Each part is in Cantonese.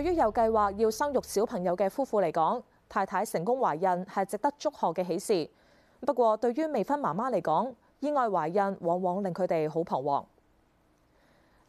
對於有計劃要生育小朋友嘅夫婦嚟講，太太成功懷孕係值得祝賀嘅喜事。不過，對於未婚媽媽嚟講，意外懷孕往往令佢哋好彷徨。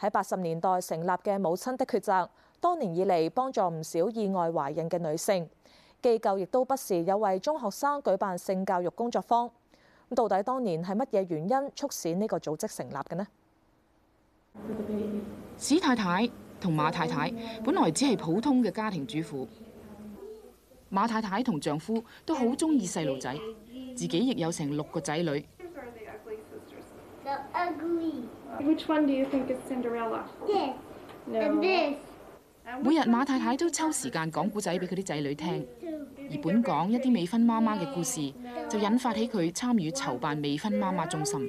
喺八十年代成立嘅母親的抉擇，多年以嚟幫助唔少意外懷孕嘅女性。機構亦都不時有為中學生舉辦性教育工作坊。到底當年係乜嘢原因促使呢個組織成立嘅呢？史太太。同馬太太，本來只係普通嘅家庭主婦。馬太太同丈夫都好中意細路仔，自己亦有成六個仔女。每日馬太太都抽時間講故仔俾佢啲仔女聽，而本港一啲未婚媽媽嘅故事，就引發起佢參與籌辦未婚媽媽中心。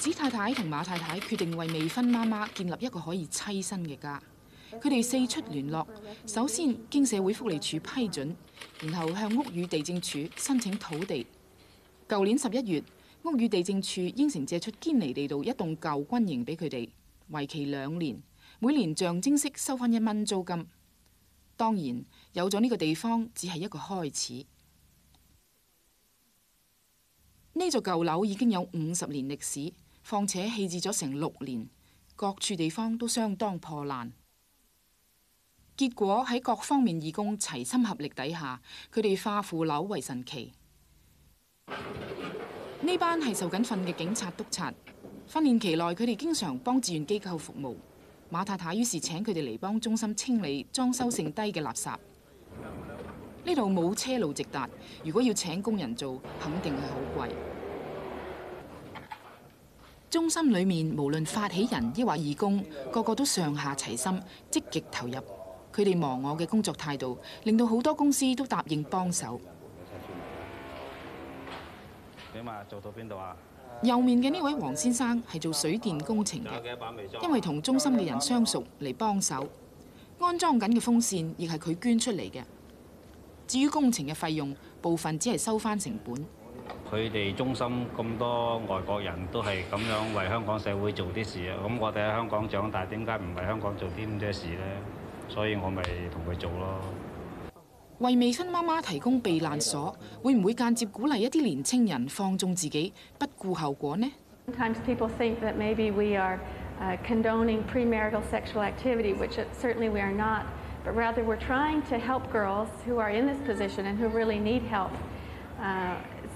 子太太同馬太太決定為未婚媽媽建立一個可以棲身嘅家。佢哋四出聯絡，首先經社會福利署批准，然後向屋宇地政署申請土地。舊年十一月，屋宇地政署應承借出堅尼地道一棟舊軍營俾佢哋，為期兩年，每年象徵式收翻一蚊租金。當然，有咗呢個地方，只係一個開始。呢座舊樓已經有五十年歷史。況且棄置咗成六年，各處地方都相當破爛。結果喺各方面義工齊心合力底下，佢哋化腐朽為神奇。呢班係受緊訓嘅警察督察，訓練期內佢哋經常幫志願機構服務。馬太太於是請佢哋嚟幫中心清理裝修性低嘅垃圾。呢度冇車路直達，如果要請工人做，肯定係好貴。中心裏面無論發起人抑或義工，個個都上下齊心，積極投入。佢哋忘我嘅工作態度，令到好多公司都答應幫手。右面嘅呢位黃先生係做水電工程嘅，因為同中心嘅人相熟嚟幫手安裝緊嘅風扇，亦係佢捐出嚟嘅。至於工程嘅費用，部分只係收返成本。佢哋中心咁多外國人都係咁樣為香港社會做啲事啊！咁我哋喺香港長大，點解唔為香港做啲咁嘅事呢？所以我咪同佢做咯。為未婚媽媽提供避難所，會唔會間接鼓勵一啲年青人放縱自己、不顧後果呢？